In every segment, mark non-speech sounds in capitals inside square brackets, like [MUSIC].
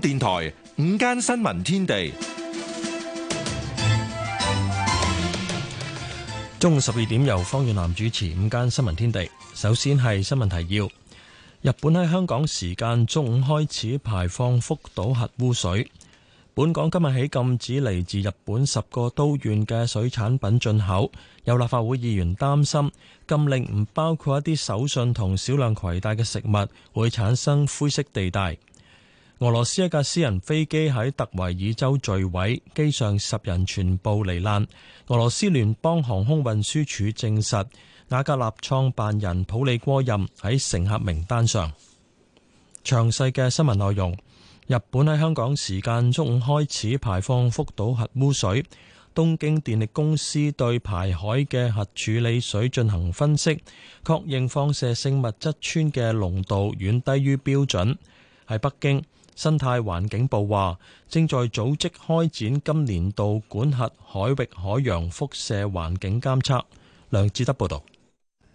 電台午間新聞天地，中午十二點由方遠南主持午間新聞天地。首先係新聞提要：日本喺香港時間中午開始排放福島核污水，本港今日起禁止嚟自日本十個都縣嘅水產品進口。有立法會議員擔心禁令唔包括一啲手信同少量攜帶嘅食物會產生灰色地帶。俄羅斯一架私人飛機喺特維爾州墜毀，機上十人全部罹難。俄羅斯聯邦航空運輸署證實，雅格納創辦人普利戈任喺乘客名單上。詳細嘅新聞內容。日本喺香港時間中午開始排放福島核污水，東京電力公司對排海嘅核處理水進行分析，確認放射性物質氚嘅濃度遠低於標準。喺北京。生態環境部話正在組織開展今年度管轄海域海洋輻射環境監測。梁志德報導。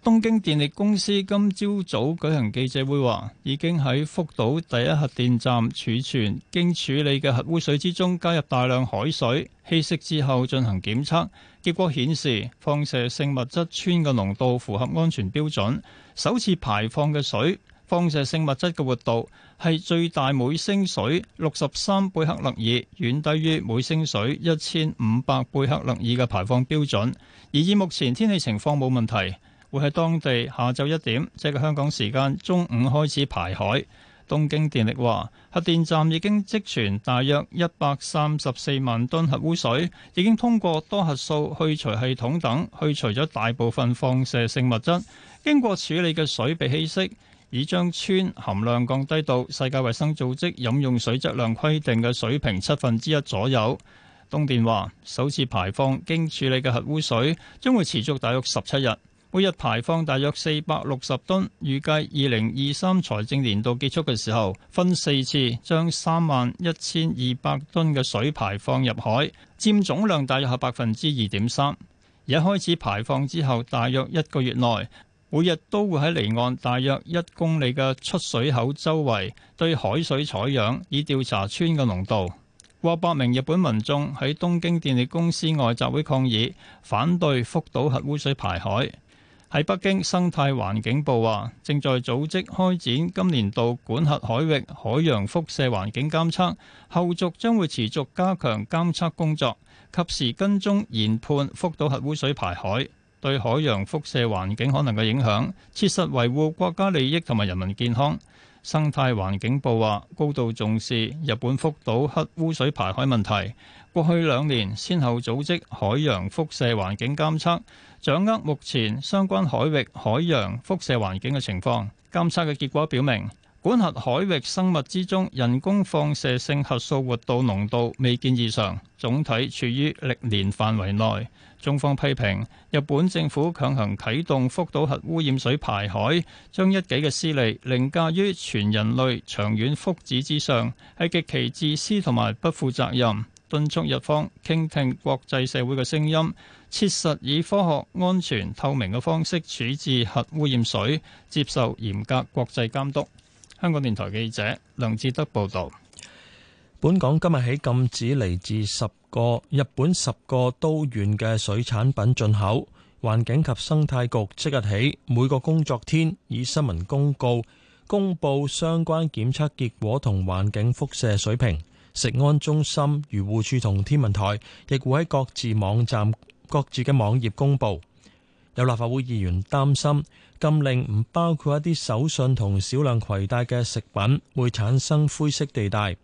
東京電力公司今朝早舉行記者會，話已經喺福島第一核電站儲存經處理嘅核污水之中加入大量海水稀釋之後進行檢測，結果顯示放射性物質氚嘅濃度符合安全標準。首次排放嘅水。放射性物質嘅活動係最大每升水六十三貝克勒爾，遠低於每升水一千五百貝克勒爾嘅排放標準。而以目前天氣情況冇問題，會喺當地下晝一點（即係香港時間中午）開始排海。東京電力話，核電站已經積存大約一百三十四萬噸核污水，已經通過多核素去除系統等去除咗大部分放射性物質。經過處理嘅水被稀釋。只將氚含量降低到世界衞生組織飲用水質量規定嘅水平七分之一左右。東電話首次排放經處理嘅核污水將會持續大約十七日，每日排放大約四百六十噸，預計二零二三財政年度結束嘅時候，分四次將三萬一千二百噸嘅水排放入海，佔總量大約係百分之二點三。而一開始排放之後，大約一個月內，每日都會喺離岸大約一公里嘅出水口周圍對海水採樣，以調查氚嘅濃度。過百名日本民眾喺東京電力公司外集會抗議，反對福島核污水排海。喺北京，生態環境部話正在組織開展今年度管轄海域海洋輻射環境監測，後續將會持續加強監測工作，及時跟蹤研判福島核污水排海對海洋輻射環境可能嘅影響，切實維護國家利益同埋人民健康。生態環境部話高度重視日本福島核污水排海問題。過去兩年先後組織海洋輻射環境監測，掌握目前相關海域海洋輻射環境嘅情況。監測嘅結果表明，管轄海域生物之中人工放射性核素活度濃度未見異常，總體處於歷年範圍內。中方批評日本政府強行啟動福島核污染水排海，將一己嘅私利凌駕於全人類長遠福祉之上，係極其自私同埋不負責任。敦促日方傾聽國際社會嘅聲音，切實以科學、安全、透明嘅方式處置核污染水，接受嚴格國際監督。香港電台記者梁志德報道。本港今日起禁止嚟自十個日本十個都縣嘅水產品進口。環境及生態局即日起每個工作天以新聞公告公布相關檢測結果同環境輻射水平。食安中心、漁護署同天文台亦會喺各自網站各自嘅網頁公布，有立法會議員擔心禁令唔包括一啲手信同少量携帶嘅食品，會產生灰色地帶。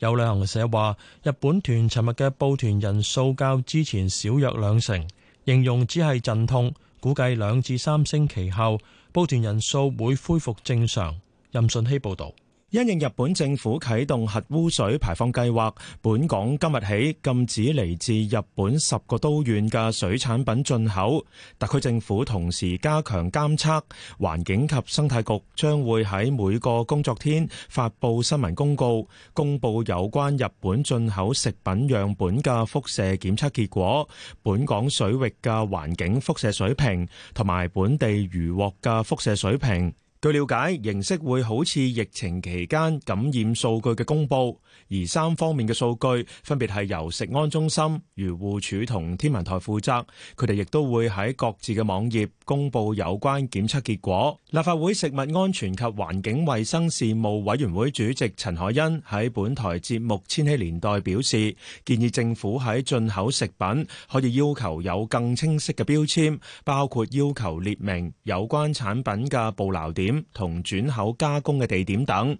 有旅行社話，日本團尋日嘅報團人數較之前少約兩成，形容只係陣痛，估計兩至三星期後報團人數會恢復正常。任信希報道。因應日本政府啟動核污水排放計劃,本港今日起禁止來自日本十個都縣的水產品進口。特區政府同時加強監測,環境及生態局將會喺每個工作天發布新聞公告,公布有關日本進口食品樣本的輻射檢測結果,本港水域的環境輻射水平,同埋本地漁獲的輻射水平。據了解，形式會好似疫情期間感染數據的公布。而三方面的數據,分別是由食安中心,漁護署同天文台負責。他們亦都會在各自的網頁公布有關檢測結果。立法會食物安全及環境衛生事務委員會主席陳凱欣在本台節目千禧年代表示,建議政府在進口食品可以要求有更清晰的標籤,包括要求列明有關產品的捕撈點。同轉口加工嘅地點等。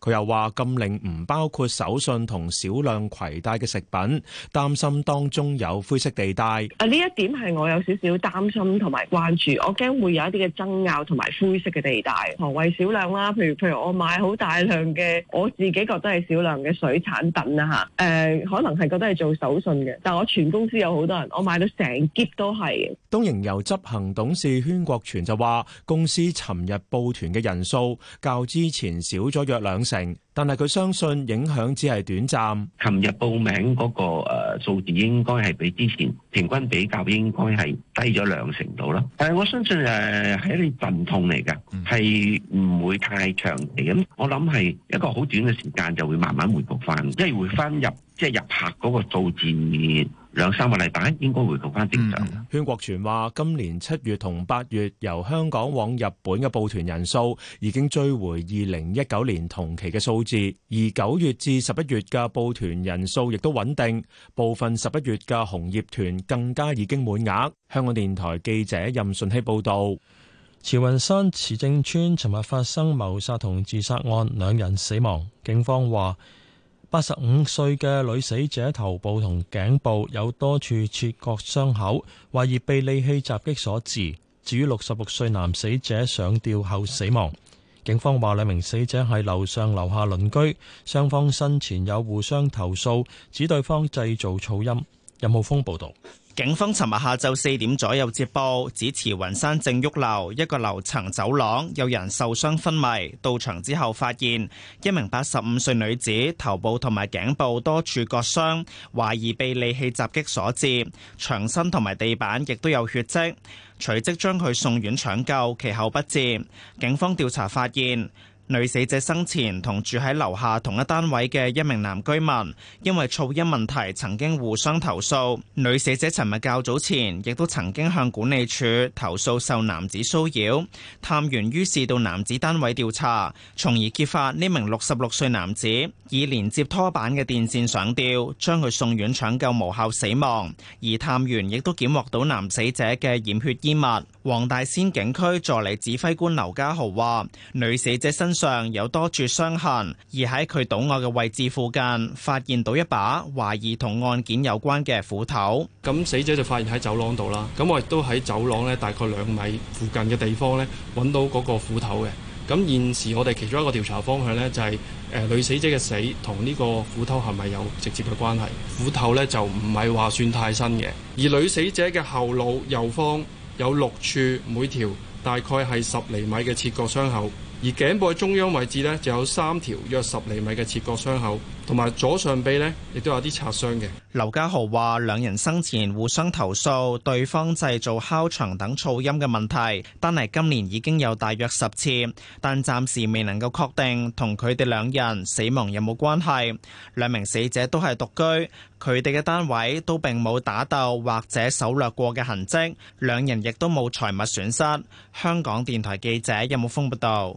佢又話禁令唔包括手信同少量攜帶嘅食品，擔心當中有灰色地帶。啊，呢一點係我有少少擔心同埋關注，我驚會有一啲嘅爭拗同埋灰色嘅地帶。何謂少量啦？譬如譬如我買好大量嘅，我自己覺得係少量嘅水產品。啊嚇。誒，可能係覺得係做手信嘅，但係我全公司有好多人，我買到成檔都係。東瀛遊執行董事禤國全就話，公司尋日報團嘅人數較之前少咗約兩兩成，但係佢相信影響只係短暫。琴日報名嗰個誒數字應該係比之前平均比較應該係低咗兩成度啦。但係我相信誒係一啲陣痛嚟嘅，係唔會太長期。咁我諗係一個好短嘅時間就會慢慢回復翻，即係回翻入即係入客嗰個數字。兩三個禮拜應該回復翻正常。軒、嗯、國全話：今年七月同八月由香港往日本嘅報團人數已經追回二零一九年同期嘅數字，而九月至十一月嘅報團人數亦都穩定，部分十一月嘅紅葉團更加已經滿額。香港電台記者任順熙報道。慈雲山慈正村尋日發生謀殺同自殺案，兩人死亡。警方話。八十五歲嘅女死者頭部同頸部有多處切割傷口，懷疑被利器襲擊所致。至於六十六歲男死者上吊後死亡，警方話，兩名死者係樓上樓下鄰居，雙方生前有互相投訴，指對方製造噪音。任浩峰報道。警方尋日下晝四點左右接報，指慈雲山正旭樓一個樓層走廊有人受傷昏迷。到場之後發現一名八十五歲女子頭部同埋頸部多處割傷，懷疑被利器襲擊所致。牆身同埋地板亦都有血跡，隨即將佢送院搶救，其後不治。警方調查發現，女死者生前同住喺樓下同一單位嘅一名男居民，因為噪音問題曾經互相投訴，女死者尋日較早前亦都曾經向管理處投訴受男子騷擾，探員於是到男子單位調查，從而揭發呢名六十六歲男子以連接拖板嘅電線上吊，將佢送院搶救無效死亡。而探員亦都檢獲到男死者嘅染血衣物。黃大仙警區助理指揮官劉家豪話，女死者身上有多處傷痕，而喺佢倒卧嘅位置附近發現到一把懷疑同案件有關嘅斧頭。咁死者就發現喺走廊度啦。咁我亦都喺走廊呢，大概兩米附近嘅地方呢，揾到嗰個斧頭嘅。咁現時我哋其中一個調查方向呢，就是，就係誒女死者嘅死同呢個斧頭係咪有直接嘅關係？斧頭呢就唔係話算太新嘅，而女死者嘅後腦右方。有六處，每條大概係十厘米嘅切割傷口，而頸部中央位置呢就有三條約十厘米嘅切割傷口。同埋左上臂呢亦都有啲擦傷嘅。劉家豪話兩人生前互相投訴對方製造敲牆等噪音嘅問題，單係今年已經有大約十次，但暫時未能夠確定同佢哋兩人死亡有冇關係。兩名死者都係獨居，佢哋嘅單位都並冇打鬥或者搜掠過嘅痕迹，兩人亦都冇財物損失。香港電台記者任木風報道。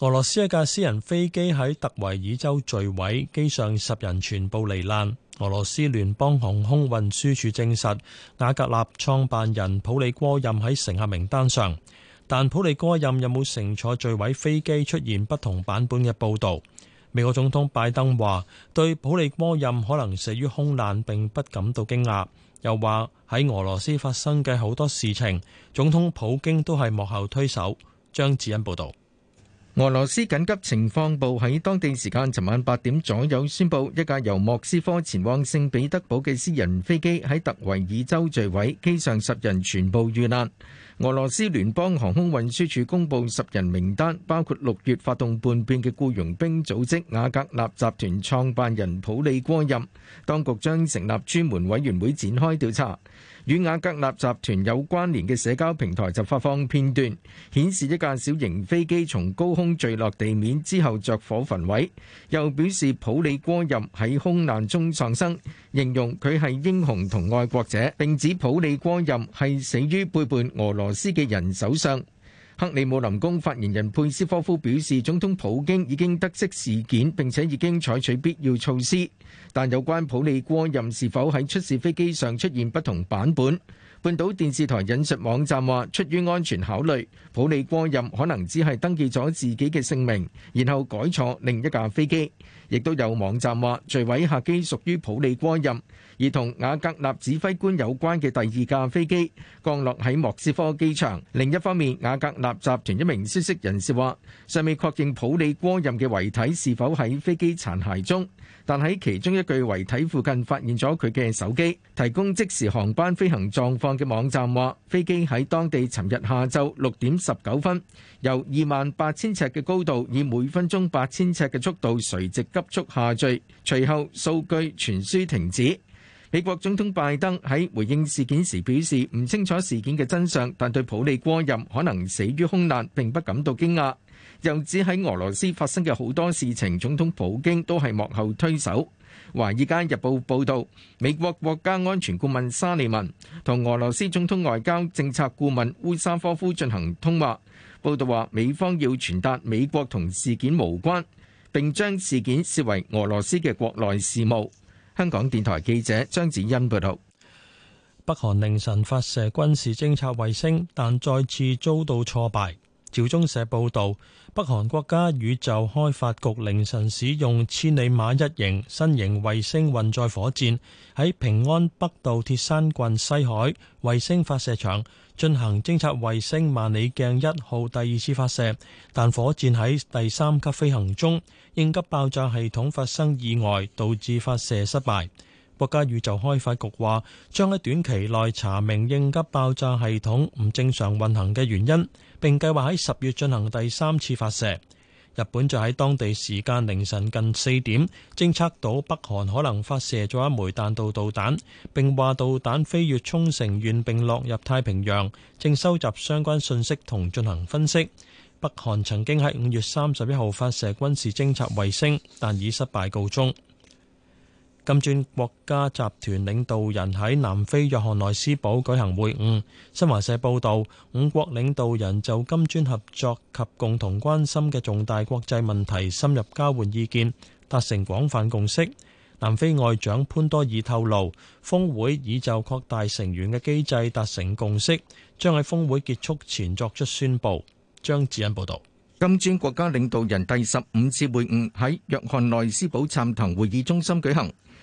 俄羅斯一架私人飛機喺特維爾州墜毀，機上十人全部罹難。俄羅斯聯邦航空運輸處證實，雅格納創辦人普利戈任喺乘客名單上，但普利戈任有冇乘坐墜毀飛機，出現不同版本嘅報道。美國總統拜登話，對普利戈任可能死於空難，並不感到驚訝。又話喺俄羅斯發生嘅好多事情，總統普京都係幕後推手。張志恩報道。俄羅斯緊急情況部喺當地時間尋晚八點左右宣布，一架由莫斯科前往聖彼得堡嘅私人飛機喺特維爾州墜毀，機上十人全部遇難。俄羅斯聯邦航空運輸署公布十人名單，包括六月發動叛變嘅僱傭兵組織瓦格納集團創辦人普里戈任。當局將成立專門委員會展開調查。與雅格納集團有關聯嘅社交平台就發放片段，顯示一架小型飛機從高空墜落地面之後着火焚毀，又表示普里戈任喺空難中喪生，形容佢係英雄同愛國者，並指普里戈任係死於背叛俄羅斯嘅人手上。克里姆林宮發言人佩斯科夫表示，總統普京已經得悉事件，並且已經採取必要措施。但有關普里戈任是否喺出事飛機上出現不同版本。半島電視台引述網站話，出於安全考慮，普里戈任可能只係登記咗自己嘅姓名，然後改坐另一架飛機。亦都有網站話，墜毀客機屬於普里戈任，而同瓦格納指揮官有關嘅第二架飛機降落喺莫斯科機場。另一方面，瓦格納集團一名消息人士話，尚未確認普里戈任嘅遺體是否喺飛機殘骸中。但喺其中一具遺體附近發現咗佢嘅手機。提供即時航班飛行狀況嘅網站話，飛機喺當地尋日下晝六點十九分，由二萬八千尺嘅高度，以每分鐘八千尺嘅速度垂直急速下墜，隨後數據傳輸停止。美國總統拜登喺回應事件時表示，唔清楚事件嘅真相，但對普里戈任可能死於空難並不感到驚訝。又指喺俄羅斯發生嘅好多事情，總統普京都係幕後推手。《華爾街日報》報道，美國國家安全顧問沙利文同俄羅斯總統外交政策顧問烏沙科夫進行通話。報道話，美方要傳達美國同事件無關，並將事件視為俄羅斯嘅國內事務。香港電台記者張子欣報導。北韓凌晨發射軍事偵察衛星，但再次遭到挫敗。朝中社報道，北韓國家宇宙開發局凌晨使用千里馬一型新型衛星運載火箭，喺平安北道鐵山郡西海衛星發射場進行偵察衛星萬里鏡一號第二次發射，但火箭喺第三級飛行中應急爆炸系統發生意外，導致發射失敗。國家宇宙開發局話，將喺短期內查明應急爆炸系統唔正常運行嘅原因。並計劃喺十月進行第三次發射。日本就喺當地時間凌晨近四點偵測到北韓可能發射咗一枚彈道導彈，並話導彈飛越沖繩縣並落入太平洋，正收集相關信息同進行分析。北韓曾經喺五月三十一號發射軍事偵察衛星，但以失敗告終。金磚國家集團領導人喺南非約翰內斯堡舉行會晤。新華社報導，五國領導人就金磚合作及共同關心嘅重大國際問題深入交換意見，達成廣泛共識。南非外長潘多爾透露，峯會已就擴大成員嘅機制達成共識，將喺峯會結束前作出宣布。張智恩報導，金磚國家領導人第十五次會晤喺約翰內斯堡參騰會議中心舉行。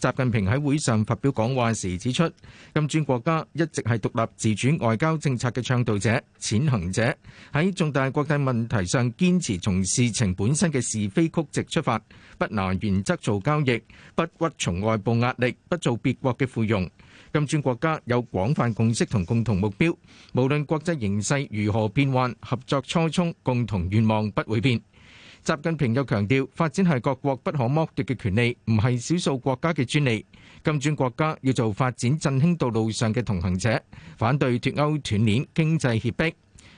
習近平喺會上發表講話時指出，金磚國家一直係獨立自主外交政策嘅倡導者、踐行者，喺重大國際問題上堅持從事情本身嘅是非曲直出發，不拿原則做交易，不屈從外部壓力，不做別國嘅附庸。金磚國家有廣泛共識同共同目標，無論國際形勢如何變幻，合作初衷、共同願望不會變。習近平又強調，發展係各國不可剝奪嘅權利，唔係少數國家嘅專利。金磚國家要做發展振興道路上嘅同行者，反對脱歐斷鏈、經濟脅迫。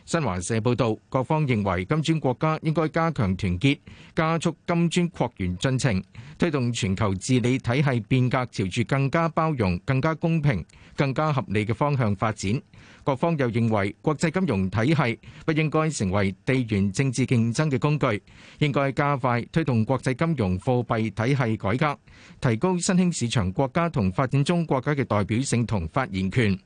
新華社報道，各方認為金磚國家應該加強團結，加速金磚擴員進程，推動全球治理體系變革朝住更加包容、更加公平、更加合理嘅方向發展。各方又認為國際金融體系不應該成為地緣政治競爭嘅工具，應該加快推動國際金融貨幣體系改革，提高新興市場國家同發展中國家嘅代表性同發言權。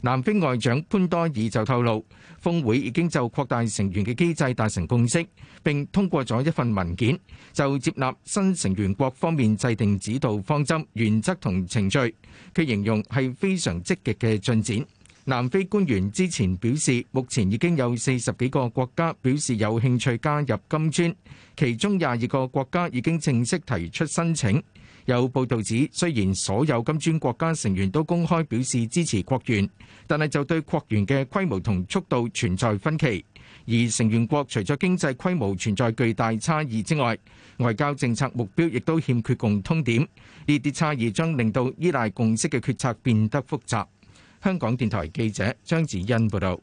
南非外長潘多爾就透露，峰會已經就擴大成員嘅機制達成共識，並通過咗一份文件，就接納新成員國方面制定指導方針、原則同程序。佢形容係非常積極嘅進展。南非官員之前表示，目前已經有四十幾個國家表示有興趣加入金磚，其中廿二個國家已經正式提出申請。有報道指，雖然所有金磚國家成員都公開表示支持擴員，但係就對擴員嘅規模同速度存在分歧。而成員國除咗經濟規模存在巨大差異之外，外交政策目標亦都欠缺共通點。呢啲差異將令到依賴共識嘅決策變得複雜。香港電台記者張子欣報道。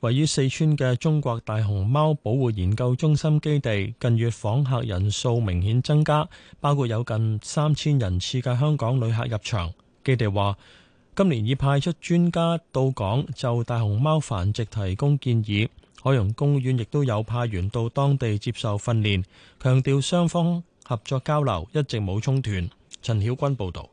位於四川嘅中國大熊貓保護研究中心基地，近月訪客人數明顯增加，包括有近三千人次嘅香港旅客入場。基地話，今年已派出專家到港就大熊貓繁殖提供建議，海洋公園亦都有派員到當地接受訓練，強調雙方合作交流一直冇中斷。陳曉君報導。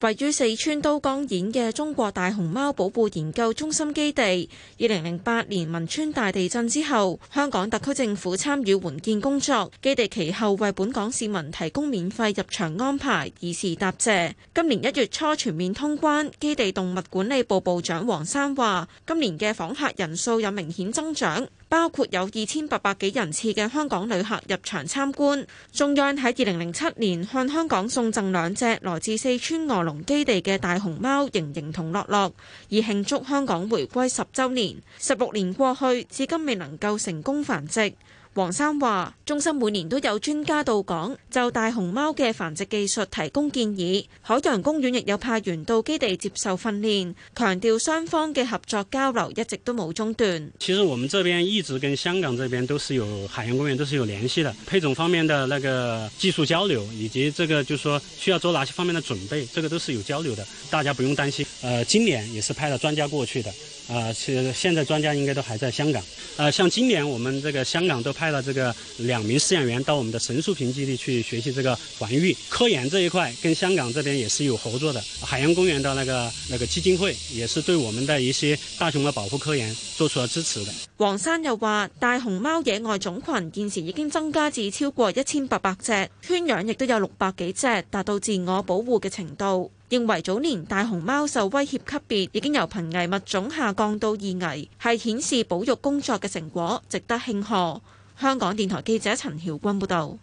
位於四川都江堰嘅中國大熊貓保護研究中心基地，二零零八年汶川大地震之後，香港特區政府參與援建工作。基地其後為本港市民提供免費入場安排，以示答謝。今年一月初全面通關，基地動物管理部部長黃山話，今年嘅訪客人數有明顯增長。包括有二千八百幾人次嘅香港旅客入場參觀。中央喺二零零七年向香港送贈兩隻來自四川卧龍基地嘅大熊貓盈盈同樂樂，以慶祝香港回歸十週年。十六年過去，至今未能夠成功繁殖。黃生話：中心每年都有專家到港就大熊貓嘅繁殖技術提供建議，海洋公園亦有派員到基地接受訓練。強調雙方嘅合作交流一直都冇中斷。其實我們這邊一直跟香港這邊都是有海洋公園都是有聯繫的，配種方面的那個技術交流，以及這個就是說需要做哪些方面的準備，這個都是有交流的，大家不用擔心。呃，今年也是派了專家過去的，啊、呃，其實現在專家應該都還在香港。啊、呃，像今年我們這個香港都。派了這個兩名飼養員到我們的神樹坪基地去學習這個繁育科研這一塊，跟香港這邊也是有合作的。海洋公園的那個那個基金會也是對我們的一些大熊貓保護科研做出了支持的。黃山又話，大熊貓野外種群現時已經增加至超過一千八百隻，圈養亦都有六百幾隻，達到自我保護嘅程度。認為早年大熊貓受威脅級別已經由瀕危物種下降到易危，係顯示保育工作嘅成果，值得慶賀。香港電台記者陳曉君報道：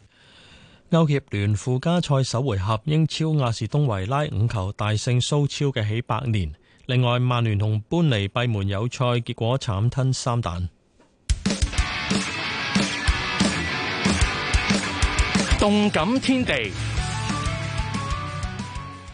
歐協聯附加賽首回合，英超亞士東維拉五球大勝蘇超嘅喜百年。另外，曼聯同般尼閉門友賽，結果慘吞三蛋。動感天地，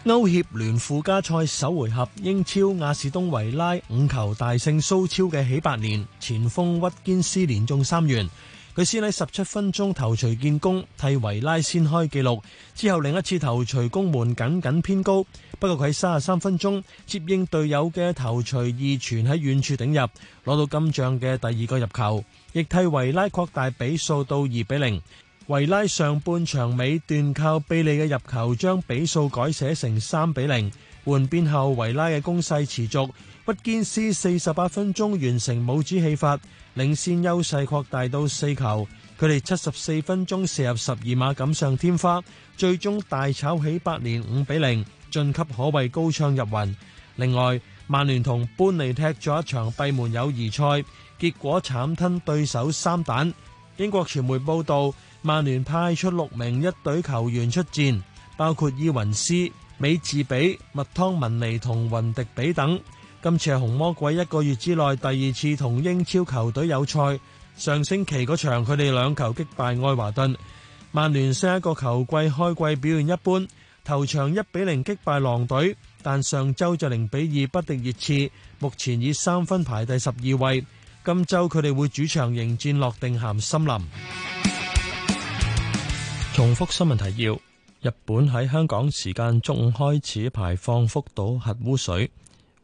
歐協聯附加賽首回合，英超亞士東維拉五球大勝蘇超嘅喜百年前鋒屈堅斯連中三元。佢先喺十七分鐘頭槌建功，替維拉先開紀錄。之後另一次頭槌攻門，僅僅偏高。不過佢喺三十三分鐘接應隊友嘅頭槌，二傳喺遠處頂入，攞到金像嘅第二個入球，亦替維拉擴大比數到二比零。維拉上半場尾段靠比利嘅入球將比數改寫成三比零。換邊後，維拉嘅攻勢持續。畢堅斯四十八分鐘完成帽子戲法，領先優勢擴大到四球。佢哋七十四分鐘射入十二碼，錦上添花，最終大炒起八年五比零，晉級可謂高唱入雲。另外，曼聯同班尼踢咗一場閉門友誼賽，結果慘吞對手三蛋。英國傳媒報道，曼聯派出六名一隊球員出戰，包括伊雲斯、美治比、麥湯文尼同雲迪比等。今次係紅魔鬼一個月之內第二次同英超球隊有賽。上星期嗰場佢哋兩球擊敗愛華頓。曼聯上一個球季開季表現一般，頭場一比零擊敗狼隊，但上周就零比二不敵熱刺，目前以三分排第十二位。今周佢哋會主場迎戰落定咸森林。重複新聞提要：日本喺香港時間中午開始排放福島核污水。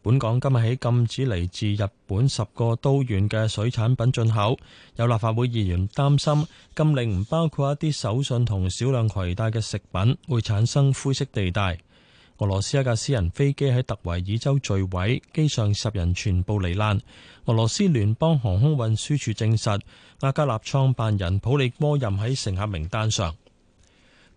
本港今日起禁止嚟自日本十個都縣嘅水產品進口。有立法會議員擔心禁令唔包括一啲手信同少量攜帶嘅食品，會產生灰色地帶。俄羅斯一架私人飛機喺特維爾州墜毀，機上十人全部罹難，俄羅斯聯邦航空運輸署證實阿加納創辦人普利波任喺乘客名單上。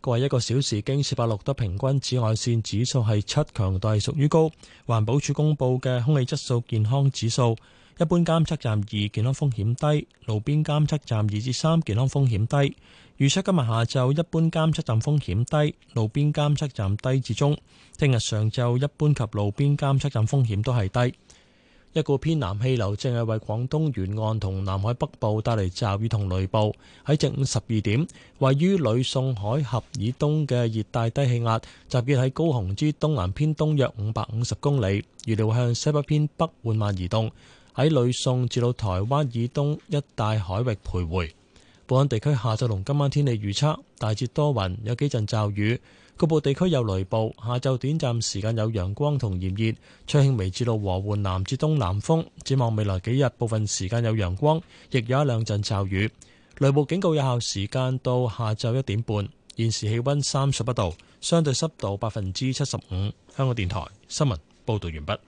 過去一個小時，京士柏錄得平均紫外線指數係七，強度係屬於高。環保署公布嘅空氣質素健康指數，一般監測站二，健康風險低；路邊監測站二至三，健康風險低。預測今日下晝一般監測站風險低，路邊監測站低至中。聽日上晝一般及路邊監測站風險都係低。一個偏南氣流正係為廣東沿岸同南海北部帶嚟驟雨同雷暴。喺正午十二點，位於呂宋海峽以東嘅熱帶低氣壓集結喺高雄之東南偏東約五百五十公里，預料向西北偏北緩慢移動，喺呂宋至到台灣以東一帶海域徘徊。本港地區下晝同今晚天氣預測：大致多雲，有幾陣驟雨。局部地區有雷暴，下晝短暫時間有陽光同炎熱，吹輕微至到和緩南至東南風。展望未來幾日，部分時間有陽光，亦有一兩陣驟雨。雷暴警告有效時間到下晝一點半。現時氣温三十八度，相對濕度百分之七十五。香港電台新聞報導完畢。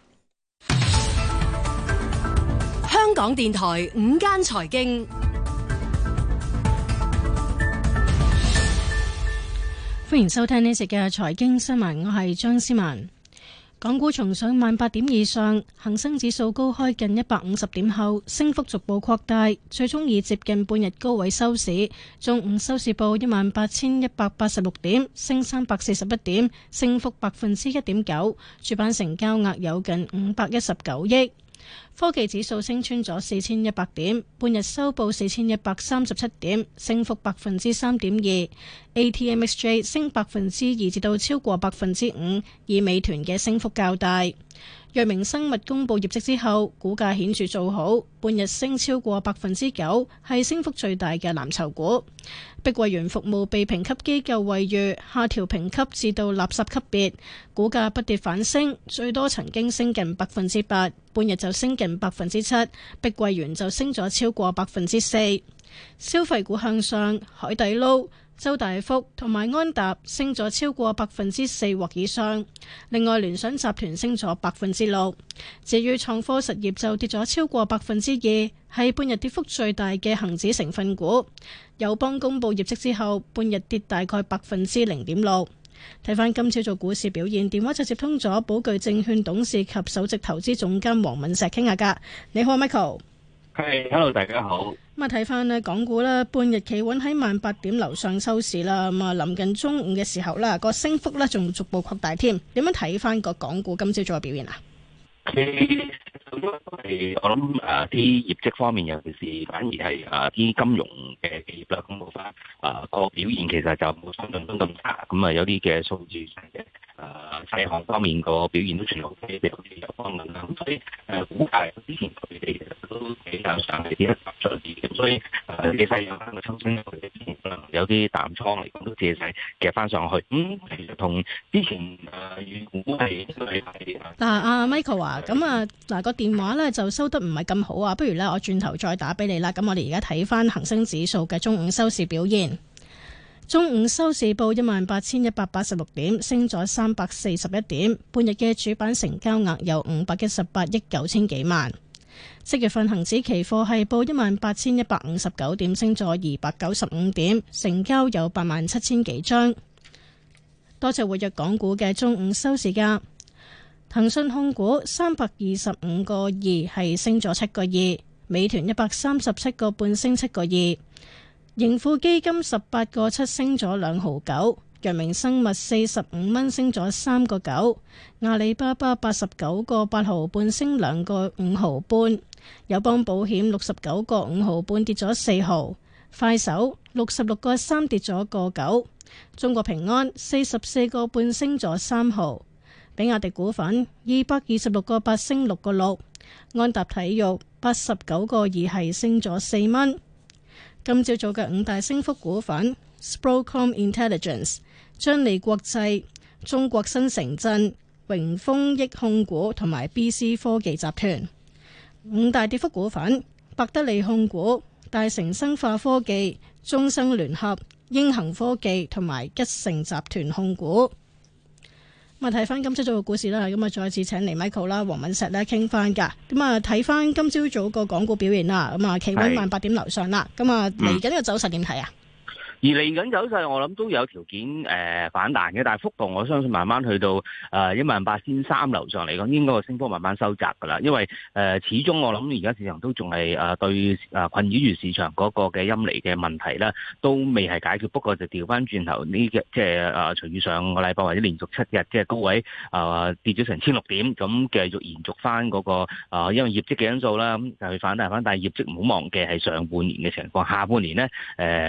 香港電台午間財經。歡迎收聽呢節嘅財經新聞，我係張思文。港股重上萬八點以上，恒生指數高開近一百五十點後，升幅逐步擴大，最終以接近半日高位收市。中午收市報一萬八千一百八十六點，升三百四十一點，升幅百分之一點九。主板成交額有近五百一十九億。科技指數升穿咗四千一百點，半日收報四千一百三十七點，升幅百分之三點二。A T M X J 升百分之二至到超過百分之五，以美團嘅升幅較大。藥明生物公布業績之後，股價顯著做好，半日升超過百分之九，係升幅最大嘅藍籌股。碧桂園服務被評級機構惠譽下調評級至到垃圾級別，股價不跌反升，最多曾經升近百分之八，半日就升近百分之七，碧桂園就升咗超過百分之四。消費股向上，海底撈。周大福同埋安踏升咗超過百分之四或以上，另外聯想集團升咗百分之六，至於創科實業就跌咗超過百分之二，係半日跌幅最大嘅恒指成分股。友邦公布業績之後，半日跌大概百分之零點六。睇翻今朝做股市表現，電話就接通咗寶具證券董事及首席投資總監黃敏石傾下㗎。你好，Michael。係，hello，大家好。咁啊，睇翻咧，港股咧，半日企穩喺萬八點樓上收市啦。咁啊，臨近中午嘅時候啦，個升幅咧仲逐步擴大添。點樣睇翻個港股今朝早嘅表現啊？咁係，我諗誒，啲業績方面尤其是反而係誒啲金融嘅企業啦，公布翻誒個表現其實就冇想象中咁差。咁啊，有啲嘅數字。誒細行方面個表現都全部 OK，有啲有放量啦，咁所以誒股價之前佢哋都比有上嚟啲合作嘅，所以誒借勢有翻嘅抽升，有啲淡倉嚟講都借勢夾翻上去。咁其實同之前誒預估都係低啲啦。阿 Michael 啊，咁啊嗱個電話咧就收得唔係咁好啊，不如咧我轉頭再打俾你啦。咁我哋而家睇翻恆生指數嘅中午收市表現。中午收市報一萬八千一百八十六點，升咗三百四十一點。半日嘅主板成交額有五百一十八億九千幾萬。七月份恆指期貨係報一萬八千一百五十九點，升咗二百九十五點，成交有八萬七千幾張。多隻活躍港股嘅中午收市價。騰訊控股三百二十五個二係升咗七個二，美團一百三十七個半升七個二。盈富基金十八個七升咗兩毫九，藥明生物四十五蚊升咗三個九，阿里巴巴八十九個八毫半升兩個五毫半，友邦保險六十九個五毫半跌咗四毫，快手六十六個三跌咗個九，中國平安四十四個半升咗三毫，比亞迪股份二百二十六個八升六個六，安踏體育八十九個二係升咗四蚊。今朝早嘅五大升幅股份：Sprocomm Intelligence、張利國際、中國新城鎮、榮豐益控股同埋 BC 科技集團；五大跌幅股份：百得利控股、大成生化科技、中生聯合、英恒科技同埋吉盛集團控股。咁啊，睇翻今朝早嘅股市啦，咁啊，再次請嚟 Michael 啦、黃敏石咧傾翻噶。咁啊，睇翻今朝早個港股表現啦，咁啊，企穩萬八點樓上啦。咁啊，嚟緊嘅走勢點睇啊？而嚟緊走勢，我諗都有條件誒反彈嘅，但係幅度我相信慢慢去到誒一萬八千三樓上嚟講，應該個升幅慢慢收窄㗎啦。因為誒、呃、始終我諗而家市場都仲係誒對誒、啊、困擾住市場嗰個嘅陰嚟嘅問題咧，都未係解決。不過就調翻轉頭呢嘅即係誒隨住上個禮拜或者連續七日即係高位誒、啊、跌咗成千六點，咁繼續延續翻、那、嗰個、啊、因為業績嘅因素啦，咁就去、反彈翻。但係業績唔好忘記係上半年嘅情況，下半年咧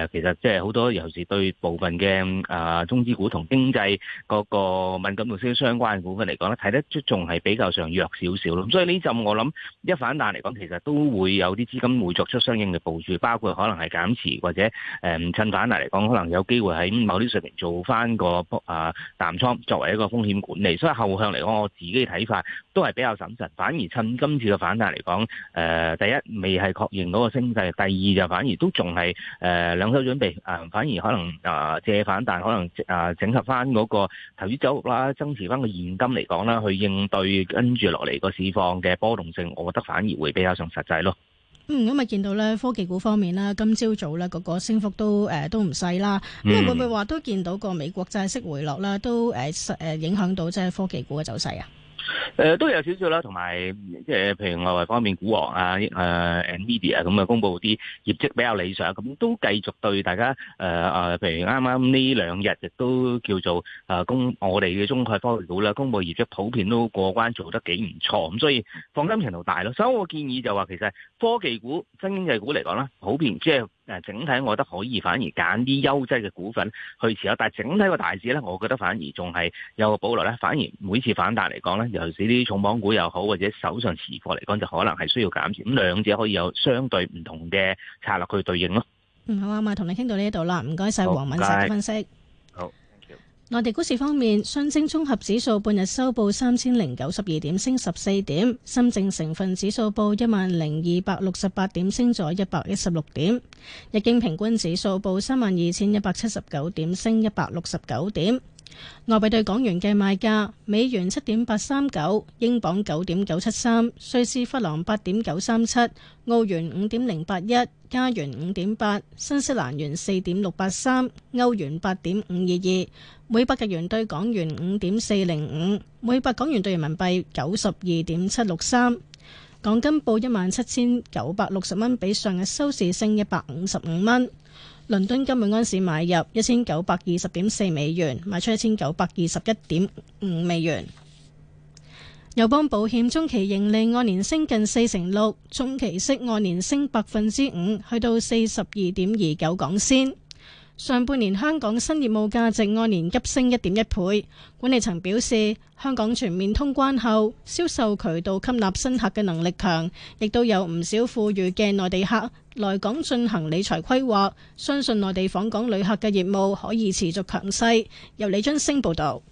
誒其實即係好多。尤其係對部分嘅誒中資股同經濟嗰個敏感度息息相關嘅股份嚟講咧，睇得出仲係比較上弱少少咯。所以呢陣我諗一反彈嚟講，其實都會有啲資金會作出相應嘅部署，包括可能係減持或者誒唔、嗯、趁反彈嚟講，可能有機會喺某啲水平做翻個啊淡倉，作為一個風險管理。所以後向嚟講，我自己嘅睇法都係比較審慎，反而趁今次嘅反彈嚟講，誒、呃、第一未係確認嗰個升勢，第二就反而都仲係誒兩手準備啊。嗯嗯嗯反而可能啊、呃、借反彈，但可能啊、呃、整合翻嗰個投資走啦，增持翻個現金嚟講啦，去應對跟住落嚟個市況嘅波動性，我覺得反而會比較上實際咯。嗯，咁、嗯、咪、嗯、見到咧科技股方面啦，今朝早咧個個升幅都誒、呃、都唔細啦。咁啊，會唔會話都見到個美國債息回落啦，都誒誒影響到即係科技股嘅走勢啊？誒、呃，都有少少啦，同埋即係譬如外圍方面，股王啊，誒，Nvidia 咁啊，樣公布啲業績比較理想，咁都繼續對大家誒誒、呃，譬如啱啱呢兩日亦都叫做誒、啊、公，我哋嘅中概科技股啦，公布業績普遍都過關，做得幾唔錯，咁所以放心程度大咯。所以我建議就話，其實科技股、新經濟股嚟講咧，普遍即係。誒整體，我覺得可以，反而揀啲優質嘅股份去持有。但係整體個大市咧，我覺得反而仲係有個保留咧。反而每次反彈嚟講咧，尤其是啲重磅股又好，或者手上持貨嚟講，就可能係需要減持。咁兩者可以有相對唔同嘅策略去對應咯。嗯，好啊，咪同你傾到呢度啦。唔該晒，黃敏成分析。內地股市方面，上證綜合指數半日收報三千零九十二點，升十四點，深證成分指數報一萬零二百六十八點，升咗一百一十六點，日經平均指數報三萬二千一百七十九點，升一百六十九點。外幣兌港元嘅賣價：美元七點八三九，英鎊九點九七三，瑞士法郎八點九三七，澳元五點零八一，加元五點八，新西蘭元四點六八三，歐元八點五二二，每百日元兌港元五點四零五，每百港元兌人民幣九十二點七六三。港金報一萬七千九百六十蚊，比上日收市升一百五十五蚊。倫敦金每安士買入一千九百二十點四美元，賣出一千九百二十一點五美元。友邦保險中期盈利按年升近四成六，中期息按年升百分之五，去到四十二點二九港仙。上半年香港新業務價值按年急升一點一倍，管理層表示，香港全面通關後銷售渠道吸納新客嘅能力強，亦都有唔少富裕嘅內地客來港進行理財規劃，相信內地訪港旅客嘅業務可以持續強勢，由李津升報道。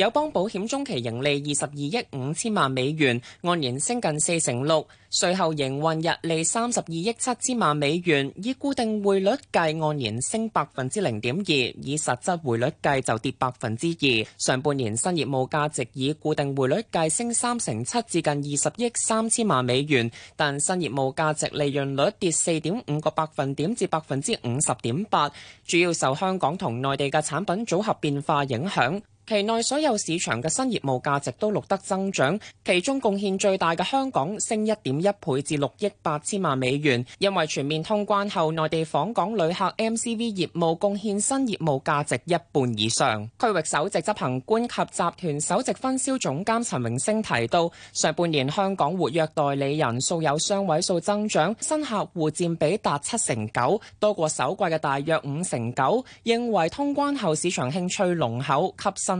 友邦保險中期盈利二十二億五千萬美元，按年升近四成六，稅後營運溢利三十二億七千萬美元，以固定匯率計按年升百分之零點二，以實質匯率計就跌百分之二。上半年新業務價值以固定匯率計升三成七，至近二十億三千萬美元，但新業務價值利潤率跌四點五個百分點至百分之五十點八，主要受香港同內地嘅產品組合變化影響。期內所有市場嘅新業務價值都錄得增長，其中貢獻最大嘅香港升一點一倍至六億八千萬美元，因為全面通關後，內地訪港旅客 MCV 業務貢獻新業務價值一半以上。區域首席執行官及集團首席分銷總監陳榮升提到，上半年香港活躍代理人數有雙位數增長，新客戶佔比達七成九，多過首季嘅大約五成九。認為通關後市場興趣濃厚，吸新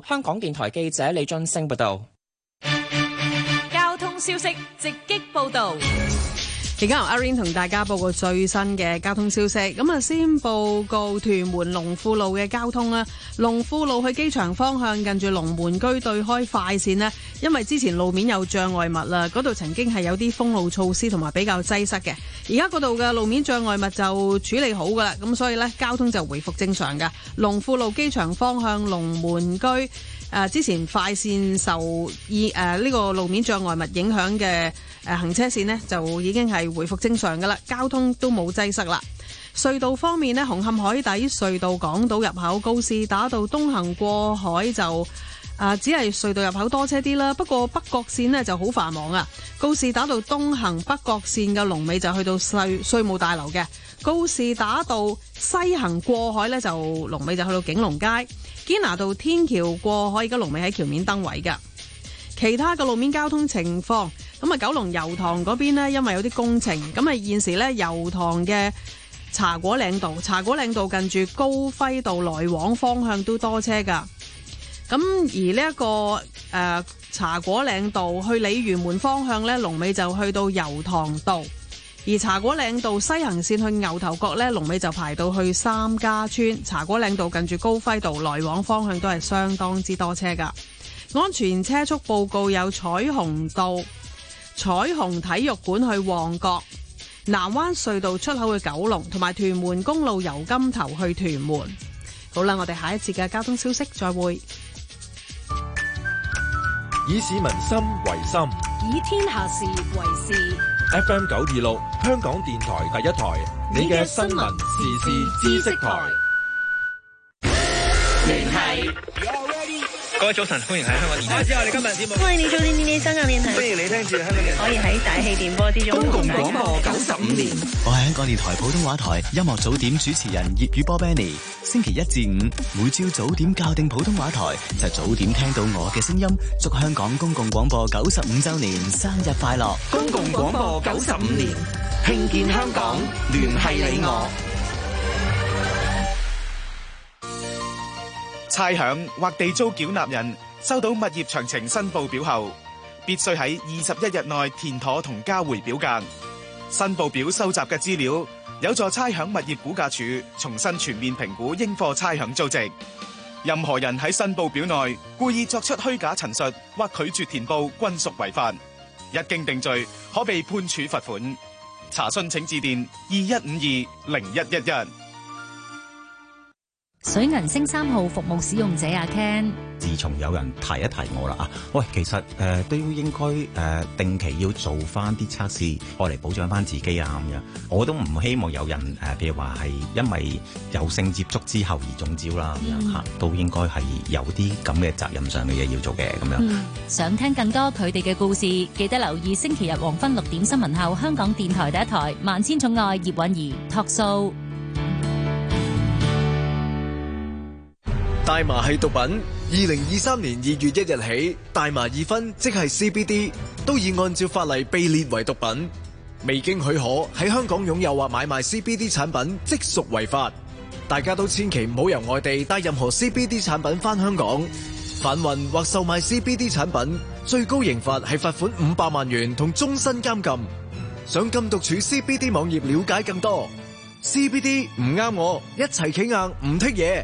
香港電台記者李俊升報道。交通消息直擊報道。而家由阿 rain 同大家報告最新嘅交通消息。咁啊，先報告屯門龍富路嘅交通啦。龍富路去機場方向近住龍門居對開快線咧，因為之前路面有障礙物啦，嗰度曾經係有啲封路措施同埋比較擠塞嘅。而家嗰度嘅路面障礙物就處理好噶啦，咁所以咧交通就回復正常噶。龍富路機場方向龍門居誒，之前快線受影誒呢個路面障礙物影響嘅。誒，行車線呢就已經係回復正常噶啦，交通都冇擠塞啦。隧道方面呢，紅磡海底隧道港島入口告士打道東行過海就啊，只係隧道入口多車啲啦。不過北角線呢就好繁忙啊。告士打道東行北角線嘅龍尾就去到稅稅務大樓嘅告士打道西行過海呢，就龍尾就去到景隆街堅拿道天橋過海，而家龍尾喺橋面燈位嘅。其他嘅路面交通情況。咁啊，九龍油塘嗰邊呢？因為有啲工程，咁啊，現時咧油塘嘅茶果嶺道、茶果嶺道近住高輝道來往方向都多車噶。咁而呢、這、一個誒、呃、茶果嶺道去鯉魚門方向呢，龍尾就去到油塘道；而茶果嶺道西行線去牛頭角呢，龍尾就排到去三家村。茶果嶺道近住高輝道來往方向都係相當之多車噶。安全車速報告有彩虹道。彩虹體育館去旺角，南灣隧道出口去九龍，同埋屯門公路由金頭去屯門。好啦，我哋下一節嘅交通消息再會。以市民心為心，以天下事為事。FM 九二六，香港電台第一台，你嘅新聞時事知識台。各位早晨，歡迎喺香港電台。歡迎你今，歡迎你早點新嘅生啊！歡迎你聽住香港電台。可以喺大氣電波之中。 [LAUGHS] 中公共廣播九十五年，年我係香港電台普通話台音樂早點主持人葉語波 Benny，星期一至五每朝早點校定普通話台，就早點聽到我嘅聲音。祝香港公共廣播九十五週年生日快樂！公共廣播九十五年慶建香港，聯繫你我。差餉或地租繳納人收到物業詳情申報表後，必須喺二十一日內填妥同交回表格。申報表收集嘅資料有助差餉物業估價署重新全面評估應課差餉租值。任何人喺申報表內故意作出虛假陳述或拒絕填報，均屬違法。一經定罪，可被判處罰款。查詢請致電二一五二零一一一。水銀星三號服務使用者阿 Ken，自從有人提一提我啦啊，喂，其實誒、呃、都要應該誒、呃、定期要做翻啲測試，我嚟保障翻自己啊咁樣，我都唔希望有人誒、啊，譬如話係因為有性接觸之後而中招啦咁樣，吓、嗯啊、都應該係有啲咁嘅責任上嘅嘢要做嘅咁樣、嗯。想聽更多佢哋嘅故事，記得留意星期日黃昏六點新聞後，香港電台第一台萬千寵愛葉韻儀托數。大麻係毒品。二零二三年二月一日起，大麻二酚即係 CBD，都已按照法例被列為毒品。未經許可喺香港擁有或買賣 CBD 產品，即屬違法。大家都千祈唔好由外地帶任何 CBD 產品返香港。販運或售賣 CBD 產品，最高刑罰係罰款五百萬元同終身監禁。想禁毒處 CBD 網頁了解更多。CBD 唔啱我，一齊企硬唔剔嘢。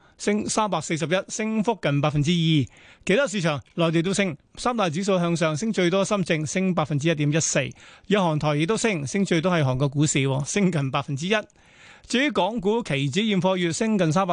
升三百四十一，升幅近百分之二。其他市場內地都升，三大指數向上，升最多深證升百分之一點一四。日韓台亦都升，升最多係韓國股市，升近百分之一。至於港股期指現貨月升近三百。